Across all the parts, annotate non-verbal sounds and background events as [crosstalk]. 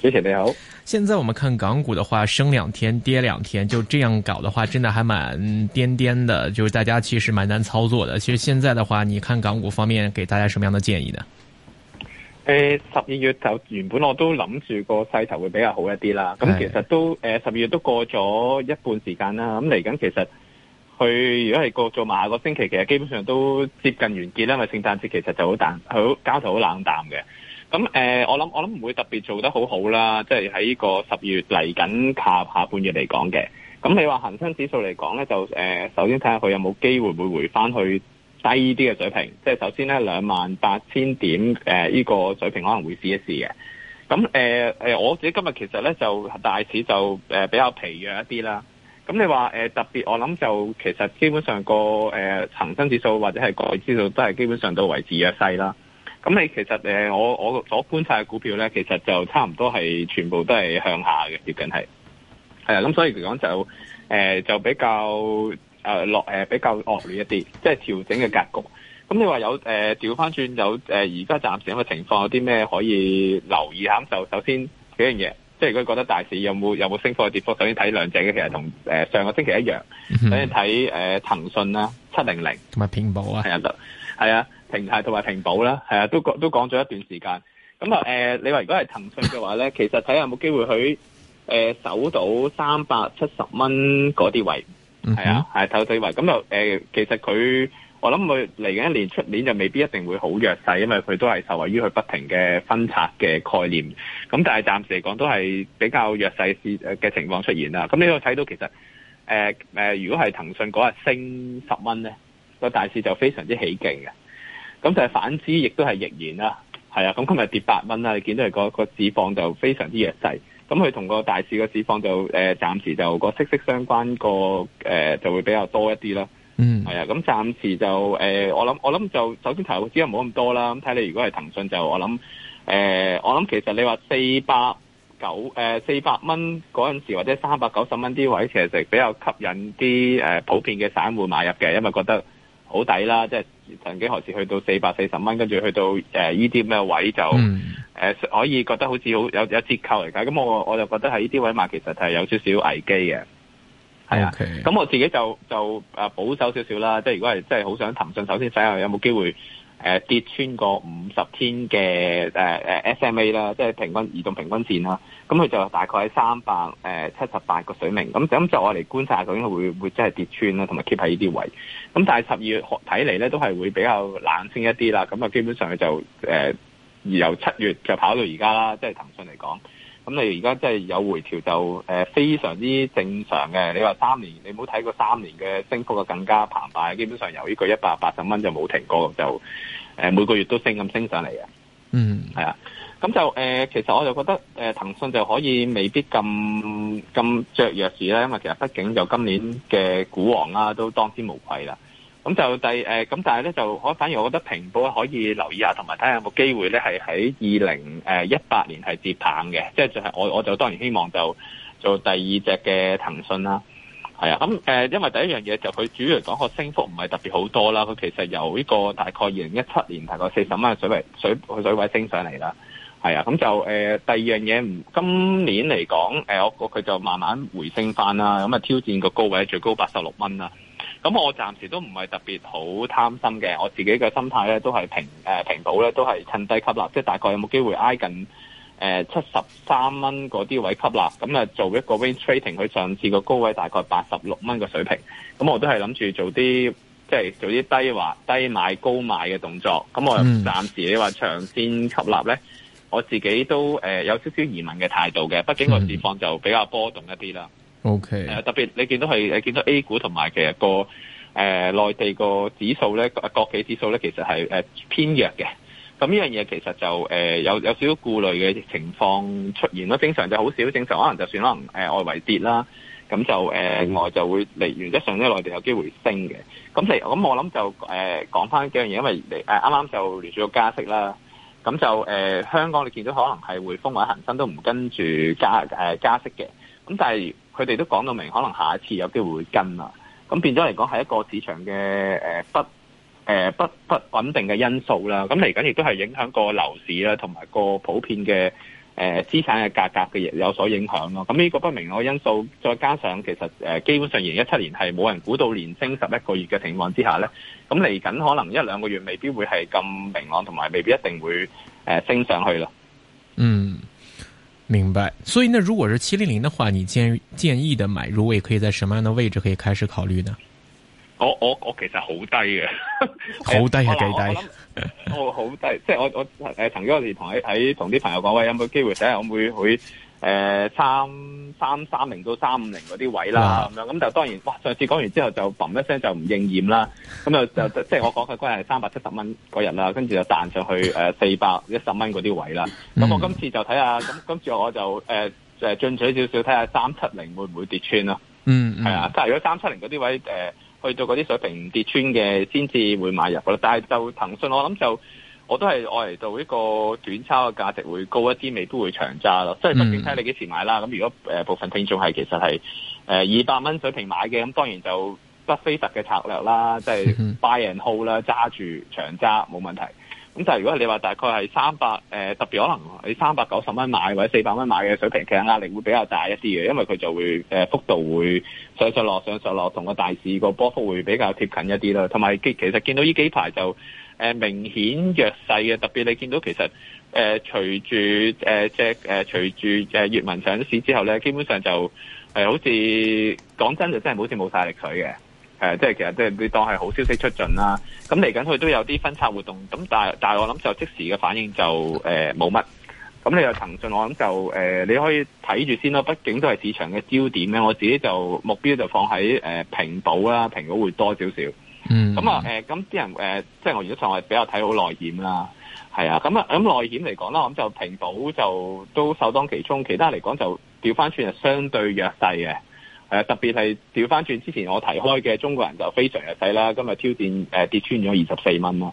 主持你好。現在我們看港股的話，升兩天跌兩天，就這樣搞的話，真的還蠻顛顛的。就是大家其實蠻難操作的。其實現在的話，你看港股方面，給大家什麼樣的建議呢？誒、呃，十二月頭原本我都諗住個勢頭會比較好一啲啦。咁其實都誒，十、呃、二月都過咗一半時間啦。咁嚟緊其實去如果係過咗埋個星期，其實基本上都接近完結啦。因為聖誕節其實就好淡，好交投好冷淡嘅。咁誒、呃，我諗我諗唔會特別做得好好啦，即係喺呢個十月嚟緊下下半月嚟講嘅。咁你話恆生指數嚟講咧，就、呃、首先睇下佢有冇機會會回翻去低啲嘅水平。即、就、係、是、首先咧兩萬八千點誒呢、呃呢個水平可能會試一試嘅。咁誒、呃、我自己今日其實咧就大市就誒比較疲弱一啲啦。咁你話、呃、特別，我諗就其實基本上、那個誒、呃、恆生指數或者係個指數都係基本上都維持弱勢啦。咁、嗯、你其實誒，我我所觀察嘅股票咧，其實就差唔多係全部都係向下嘅，接近係係啊。咁所以嚟講就誒、呃，就比較誒落、呃、比較惡劣一啲，即係調整嘅格局。咁、嗯、你話有誒調翻轉有誒，而、呃、家暫時咁嘅情況有啲咩可以留意下？首首先幾樣嘢，即係如果覺得大市有冇有冇升幅嘅跌幅，首先睇兩隻嘅，其實同、呃、上個星期一樣。首先睇誒騰訊啦，七零零同埋平保啊，係啊，係啊。平台同埋平保啦，係啊，都講都講咗一段時間咁啊、呃。你話如果係騰訊嘅話咧、 [laughs] 呃嗯呃，其實睇下有冇機會佢誒守到三百七十蚊嗰啲位，係啊，係守低位咁，又其實佢我諗佢嚟緊一年出年就未必一定會好弱勢，因為佢都係受惠於佢不停嘅分拆嘅概念。咁但係暫時嚟講都係比較弱勢市嘅情況出現啦。咁你都睇到其實誒、呃呃、如果係騰訊嗰日升十蚊咧，個大市就非常之起勁嘅。咁就係反之亦都係逆然啦，係啊！咁、啊、今日跌八蚊啦，你見到佢個個指放就非常之弱勢。咁佢同個大市個指放就暫、呃、時就個息息相關個誒、呃、就會比較多一啲啦。嗯，係啊。咁暫時就誒、呃，我諗我諗就首先投資又唔好咁多啦。咁睇你如果係騰訊就我諗誒，我諗、呃、其實你話四百九誒四百蚊嗰陣時或者三百九十蚊啲位其實就比較吸引啲誒、呃、普遍嘅散戶買入嘅，因為覺得。好抵啦，即係曾經何時去到四百四十蚊，跟住去到誒依啲咩位就、嗯呃、可以覺得好似好有有折扣嚟㗎。咁我我就覺得係呢啲位嘛，其實係有少少危機嘅。係啊，咁、okay. 我自己就就誒保守少少啦，即係如果係真係好想騰訊，首先睇下有冇機會。誒跌穿個五十天嘅誒誒 SMA 啦，即係平均移動平均線啦。咁佢就大概喺三百誒七十八個水平。咁咁就我嚟觀察，究竟佢會會真係跌穿啦，同埋 keep 喺呢啲位。咁但係十二月睇嚟咧，都係會比較冷清一啲啦。咁啊，基本上佢就誒、呃、由七月就跑到而家啦。即係騰訊嚟講，咁你而家即係有回調就誒、呃、非常之正常嘅。你話三年，你冇睇過三年嘅升幅更加澎湃，基本上由呢個一百八十蚊就冇停過就。誒每個月都升，咁升上嚟嘅，嗯，係啊，咁就誒，其實我就覺得誒騰訊就可以未必咁咁著弱市咧，因為其實畢竟就今年嘅股王啊都當之無愧啦。咁就第誒咁，但係咧就我反而我覺得平保可以留意下，同埋睇下有冇機會咧係喺二零誒一八年係接棒嘅，即係就係我我就當然希望就做第二隻嘅騰訊啦。係啊，咁誒，因為第一樣嘢就佢主要嚟講個升幅唔係特別好多啦，佢其實由呢個大概二零一七年大概四十蚊嘅水位水水位升上嚟啦，係啊，咁就誒第二樣嘢唔今年嚟講誒，我佢就慢慢回升翻啦，咁啊挑戰個高位最高八十六蚊啦，咁我暫時都唔係特別好貪心嘅，我自己嘅心態咧都係平平保咧都係趁低吸納，即係大概有冇機會挨近。誒七十三蚊嗰啲位吸納，咁啊做一個 range，trading 佢上次個高位大概八十六蚊嘅水平，咁我都係諗住做啲即係做啲低話、低買高買嘅動作，咁我暫時你話長線吸納咧、嗯，我自己都、呃、有少少疑問嘅態度嘅，畢竟個市況就比較波動一啲啦、嗯。OK，、呃、特別你見到係你見到 A 股同埋其實個誒、呃、內地個指數咧，國企指數咧其實係偏弱嘅。咁呢樣嘢其實就誒、呃、有有少少顧慮嘅情況出現咯，正常就好少，正常可能就算可能、呃、外圍跌啦，咁就誒外、呃嗯、就會嚟原則上咧，內地有機會升嘅。咁咁我諗就誒講翻一樣嘢，因為誒啱啱就連住咗加息啦，咁就誒、呃、香港你見到可能係匯豐或者恒生都唔跟住加、呃、加息嘅，咁但係佢哋都講到明，可能下一次有機會跟啦，咁變咗嚟講係一個市場嘅誒不，呃誒、呃，不不穩定嘅因素啦，咁嚟緊亦都係影響個樓市啦，同埋個普遍嘅誒資產嘅價格嘅嘢，有所影響咯。咁呢個不明朗嘅因素，再加上其實誒、呃，基本上二零一七年係冇人估到年升十一個月嘅情況之下咧，咁嚟緊可能一兩個月未必會係咁明朗，同埋未必一定會誒、呃、升上去咯。嗯，明白。所以呢，如果是七零零的話，你建議建議的買入位可以在什麼樣的位置可以開始考慮呢？我我我其實好低嘅，好低係幾低。 [laughs] 我好低，即係我我誒、哦、 [laughs] 曾經我哋同喺同啲朋友講話，有冇機會睇下我會去誒三三三零到三五零嗰啲位啦咁樣。咁、啊、就當然，哇！上次講完之後就嘣一聲就唔應驗啦。咁就就即係我講嘅嗰日係三百七十蚊嗰日啦，跟住就彈上去四百一十蚊嗰啲位啦。咁、嗯、我今次就睇下咁今次我就誒誒、呃、進取少少睇下三七零會唔會跌穿啦。嗯，係啊，但係如果三七零嗰啲位誒。去到嗰啲水平跌穿嘅，先至會買入嘅啦。但係就騰訊我諗就我都係愛嚟做一個短炒嘅價值會高一啲，未必會長揸咯。即係畢竟睇你幾時買啦。咁如果誒、呃、部分聽眾係其實係誒二百蚊水平買嘅，咁當然就巴菲特嘅策略啦，即、就、係、是、buy and hold 啦，揸住長揸冇問題。咁就如果你話大概係三百，誒特別可能你三百九十蚊買或者四百蚊買嘅水平，其實壓力會比較大一啲嘅，因為佢就會、呃、幅度會上上落上上落，同個大市個波幅會比較貼近一啲啦。同埋其其實見到呢幾排就明顯弱勢嘅，特別你見到其實誒、呃、隨住誒即係誒隨住誒粵民上市之後咧，基本上就、呃、好似講真就真係好似冇曬力佢嘅。誒、呃，即係其實即係當係好消息出盡啦。咁嚟緊佢都有啲分拆活動，咁但係但我諗就即時嘅反應就誒冇乜。咁你又騰訊，我諗就誒你可以睇住先咯。畢竟都係市場嘅焦點咧。我自己就目標就放喺平保啦，平保會多少少。嗯。咁啊誒，咁、嗯、啲、呃、人誒、呃，即係我原則上我係比較睇好內險啦，係啊。咁、嗯、啊，咁、嗯、內險嚟講啦，我諗就平保就都首當其衝，其他嚟講就調翻轉係相對弱勢嘅。特別係調翻轉之前，我提開嘅中國人就非常弱勢啦。今日挑戰跌穿咗二十四蚊啦，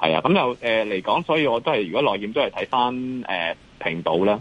係啊，咁又嚟、呃、講，所以我都係如果內險都係睇翻誒平保啦。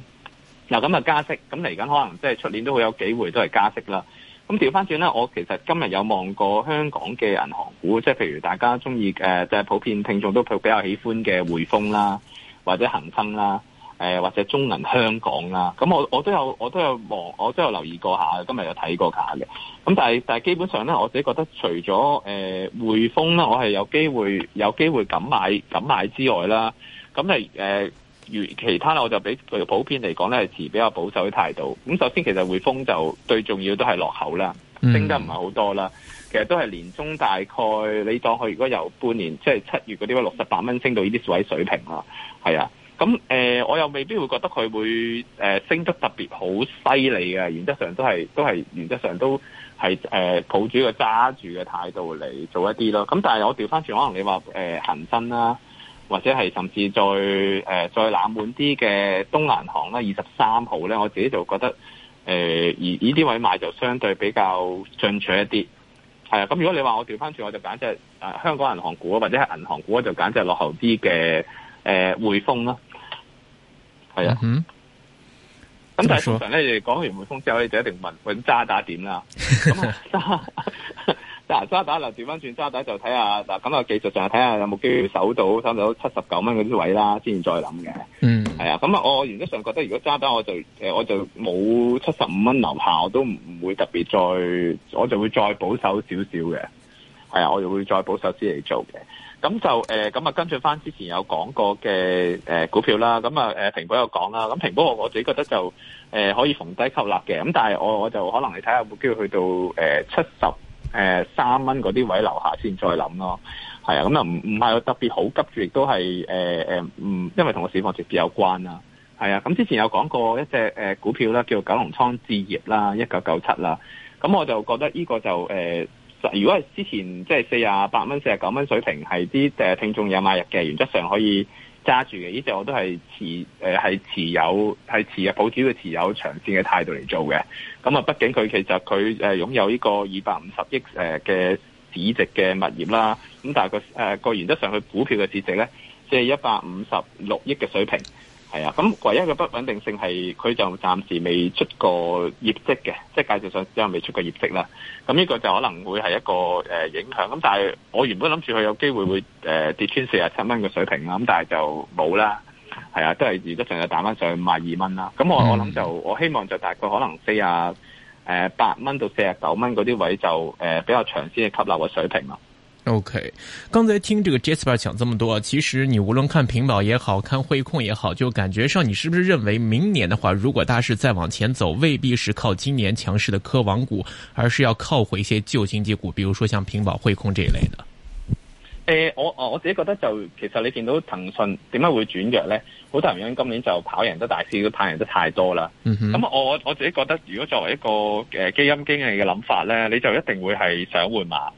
嗱、呃、咁啊加息，咁嚟緊可能即係出年都會有機會都係加息啦。咁調翻轉咧，我其實今日有望過香港嘅銀行股，即係譬如大家中意誒，即係普遍聽眾都比較喜歡嘅匯豐啦，或者恒生啦。誒或者中銀香港啦，咁我我都有我都有望，我都有留意過下，今日有睇過下嘅。咁但係但係基本上咧，我自己覺得除咗誒、呃、匯豐啦，我係有機會有機會敢買敢買之外啦，咁誒誒如其他呢，我就比譬如普遍嚟講咧係持比較保守嘅態度。咁首先其實匯豐就最重要都係落後啦，升得唔係好多啦。其實都係年中大概你當佢如果由半年即係七月嗰啲位六十八蚊升到呢啲位水平啦，係啊。咁誒、呃，我又未必會覺得佢會誒、呃、升得特別好犀利嘅，原則上都係都係原則上都係誒、呃、抱住個揸住嘅態度嚟做一啲咯。咁但係我調翻轉，可能你話誒、呃、恒生啦，或者係甚至再誒、呃、再冷門啲嘅東亞銀行啦，二十三號咧，我自己就覺得誒、呃、而呢啲位買就相對比較進取一啲。係啊，咁、嗯、如果你話我調翻轉，我就揀隻誒香港銀行股啊，或者係銀行股就揀隻落後啲嘅誒匯豐啦。係、嗯、啊，咁但係通常咧，講完匯豐之後你就一定問喂，渣打點啦。咁 [laughs] 渣打，渣打啦，轉翻轉渣打就睇下嗱，咁啊技術上睇下有冇機會守到守到七十九蚊嗰啲位啦，先至再諗嘅。嗯，係啊，咁啊，我原則上覺得如果渣打我，我就誒，我就冇七十五蚊樓下，我都唔會特別再，我就會再保守少少嘅。係啊，我就會再保守啲嚟做嘅。咁就誒咁啊，跟住翻之前有講過嘅誒、呃、股票啦，咁啊誒平保有講啦，咁平保我我自己覺得就誒、呃、可以逢低吸納嘅，咁但係我我就可能你睇下會唔會去到誒七十三蚊嗰啲位樓下先再諗咯，係、嗯、啊，咁又唔唔係我特別好急住，亦都係誒唔因為同個市況直接有關啦，係啊，咁、嗯、之前有講過一隻誒、呃、股票啦，叫做九龍倉置業啦，一九九七啦，咁我就覺得呢個就誒。呃如果係之前即係四十八蚊、四十九蚊水平，係啲誒聽眾有買入嘅，原則上可以揸住嘅。呢隻我都係持誒係持有，係持有保值佢持有長線嘅態度嚟做嘅。咁啊，畢竟佢其實佢誒擁有呢個二百五十億誒嘅市值嘅物業啦。咁但係個誒個原則上，佢股票嘅市值咧，即係一百五十六億嘅水平。係啊，咁唯一嘅不穩定性係佢就暫時未出過業績嘅，即係介紹上又未出過業績啦。咁呢個就可能會係一個誒、呃、影響。咁但係我原本諗住佢有機會會誒、呃、跌穿四十七蚊嘅水平啦。咁但係就冇啦。係啊，都係而家仲係打翻上去五十二蚊啦。咁我我諗就、嗯、我希望就大概可能四啊誒八蚊到四啊九蚊嗰啲位就誒、呃、比較長線嘅吸納嘅水平啦。O、okay, K，剛才聽這個 Jasper 講這麼多，其實你無論看平保也好，看匯控也好，就感覺上你是不是認為明年的話，如果大市再往前走，未必是靠今年強勢的科網股，而是要靠回一些舊經濟股，比如說像平保、匯控這一類的。呃、我我自己覺得就其實你見到騰訊點解會轉弱呢？好多人因今年就跑贏得大市，都跑贏得太多了咁、嗯、我我我自己覺得，如果作為一個、呃、基金經理嘅諗法呢，你就一定會係想換馬。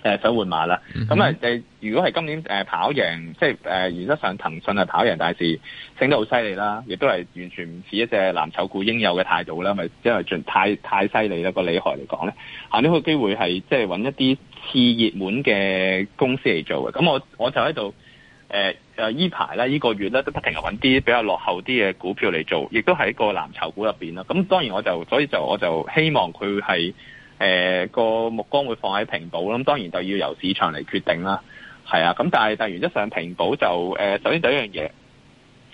誒、呃、想換馬啦，咁啊、呃呃呃、如果係今年誒、呃、跑贏，即係誒、呃、原則上騰訊係跑贏大市，升得好犀利啦，亦都係完全唔似一隻藍籌股應有嘅態度啦，咪因為盡太太犀利啦個厲害嚟講咧，行呢個機會係即係揾一啲次熱門嘅公司嚟做嘅，咁我我就喺度誒誒依排咧，呃、呢、這個月咧都不停係揾啲比較落後啲嘅股票嚟做，亦都喺個藍籌股入面啦，咁當然我就所以就我就希望佢係。誒個目光會放喺平保，咁當然就要由市場嚟決定啦。係啊，咁但係但原則上平保就誒，首先第一樣嘢，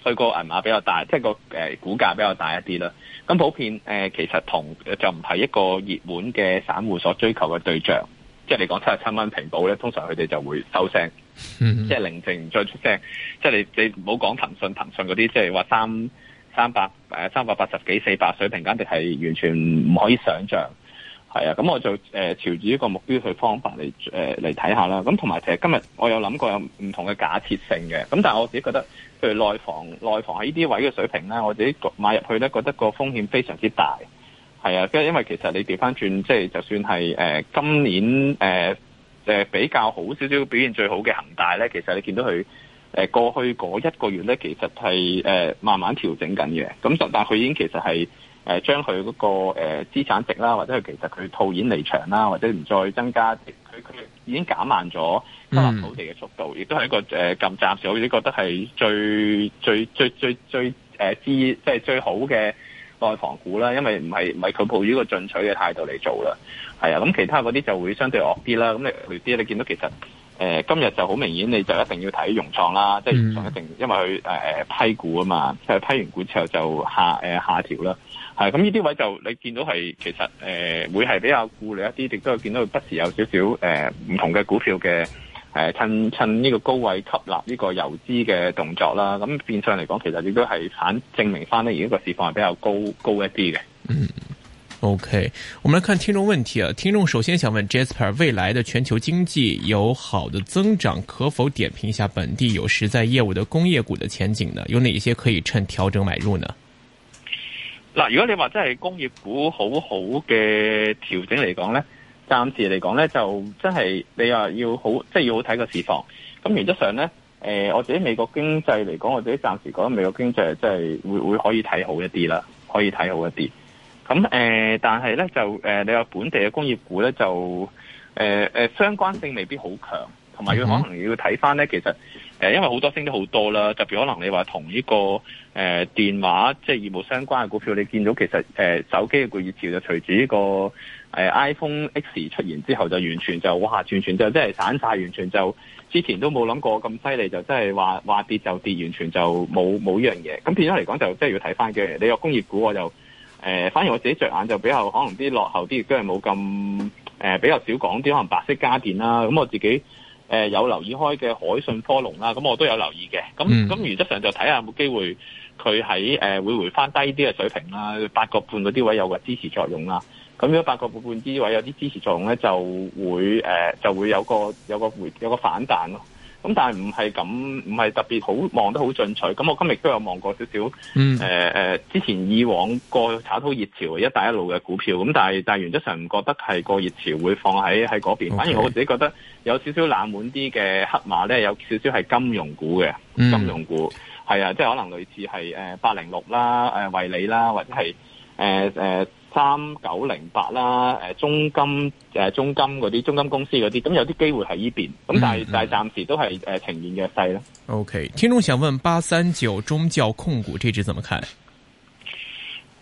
佢個銀碼比較大，即係個誒股價比較大一啲啦。咁普遍誒，其實同就唔係一個熱門嘅散戶所追求嘅對象。即係你講七十七蚊平保咧，通常佢哋就會收聲，即係，嗯，嗯，就係，寧靜再出聲。即係，就係，你你唔好講騰訊，騰訊嗰啲即係話三三百誒三百八十幾四百水平，簡直係完全唔可以想像。係啊，咁我就誒、呃、朝住一個目標去方法嚟誒嚟睇下啦。咁同埋其實今日我有諗過有唔同嘅假設性嘅，咁但係我自己覺得，譬如內房內房喺呢啲位嘅水平咧，我自己買入去咧，覺得個風險非常之大。係啊，因為其實你掉返轉，即、就、係、是、就算係誒、呃、今年誒、呃、比較好少少表現最好嘅恒大咧，其實你見到佢誒、呃、過去嗰一個月咧，其實係誒、呃、慢慢調整緊嘅。咁但係佢已經其實係。誒將佢嗰個誒資產值啦，或者佢其實佢套現離場啦，或者唔再增加，佢佢已經減慢咗開發土地嘅速度，亦都係一個誒咁暫時，我哋覺得係最最最最最誒資即係最好嘅內房股啦，因為唔係唔係佢抱住一個進取嘅態度嚟做啦，係啊，咁其他嗰啲就會相對惡啲啦，咁你啲你見到其實。呃、今日就好明顯，你就一定要睇融創啦，即係融創一定，因為佢誒、呃、批股啊嘛，即係批完股之後就下誒、呃、下調啦，係咁呢啲位就你見到係其實誒、呃、會係比較顧慮一啲，亦都見到佢不時有少少誒唔同嘅股票嘅誒、呃、趁趁呢個高位吸納呢個遊資嘅動作啦，咁、嗯、變相嚟講其實亦都係反證明翻呢，而呢個市況係比較高高一啲嘅。嗯。OK，我們來看聽眾問題啊！聽眾首先想問 Jasper，未來的全球經濟有好的增長，可否點評一下本地有實在業務的工業股的前景呢？有哪些可以趁調整買入呢？嗱，如果你話真係工業股好好嘅調整嚟講咧，暫時嚟講咧就真係你話要好，即係要好睇個市況。咁原則上咧，誒，我自己美國經濟嚟講，我自己暫時覺得美國經濟，即係會會可以睇好一啲啦，可以睇好一啲。咁、嗯、誒、呃，但係咧就誒、呃，你話本地嘅工業股咧就誒、呃呃、相關性未必好強，同埋要可能要睇翻咧，其實誒、呃，因為好多升得好多啦，特別可能你話同呢個誒、呃、電話即係業務相關嘅股票，你見到其實誒、呃、手機嘅個熱潮就隨住呢個、呃、iPhone X 出現之後，就完全就哇全全就散散，完全就即係散曬，完全就之前都冇諗過咁犀利，就即係話話跌就跌，完全就冇冇呢樣嘢。咁變咗嚟講，就即係要睇翻嘅。你話工業股，我就。誒、呃，反而我自己着眼就比較可能啲落後啲，亦都係冇咁誒比較少講啲，可能白色家電啦。咁我自己誒、呃、有留意開嘅海信科隆啦，咁我都有留意嘅。咁咁原則上就睇下有冇機會佢喺誒會回翻低啲嘅水平啦，八個半嗰啲位有個支持作用啦。咁如果八個半嗰啲位有啲支持作用咧，就會誒、呃、就會有個有個回有個反彈咯。咁但係唔係咁，唔係特別好望得好進取。咁我今日都有望過少少，誒、嗯呃、之前以往個炒到熱潮、一帶一路嘅股票。咁但係，但係原則上唔覺得係個熱潮會放喺喺嗰邊。Okay. 反而我自己覺得有少少冷門啲嘅黑馬咧，有少少係金融股嘅、嗯，金融股係啊，即係可能類似係誒八零六啦、誒惠理啦，或者係誒、呃呃三九零八啦，誒，中金誒，中金嗰啲，中金公司嗰啲，咁有啲機會喺呢邊，咁但係但係暫時都係誒、呃、呈,呈,呈現弱勢啦，O K，聽眾想問八三九中教控股這支怎麼看？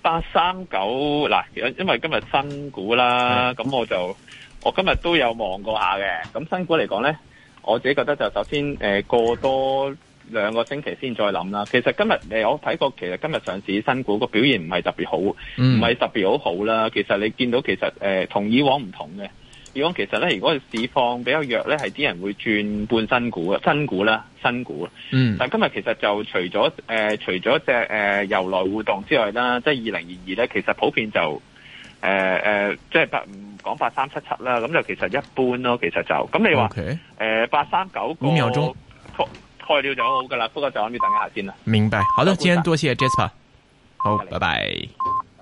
八三九嗱，因為今日新股啦，咁我就我今日都有望過下嘅，咁新股嚟講咧，我自己覺得就首先誒過多。兩個星期先再諗啦。其實今日誒，我睇過，其實今日上市新股個表現唔係特別好，唔、嗯、係特別好好啦。其實你見到其實同、呃、以往唔同嘅。以往其實咧，如果市況比較弱咧，係啲人會轉半新股啊，新股啦，新股。嗯。但今日其實就除咗誒、呃，除咗隻、呃、由來互動之外啦，即係二零二二咧，其實普遍就誒誒，即係八講八三七七啦。咁就其實一般咯。其實就咁，你話誒八三九個。五秒鐘開掉就好好噶啦。不過就諗住等一下先啦。明白，好的，今天多謝 Jasper，好， [noise] 拜拜。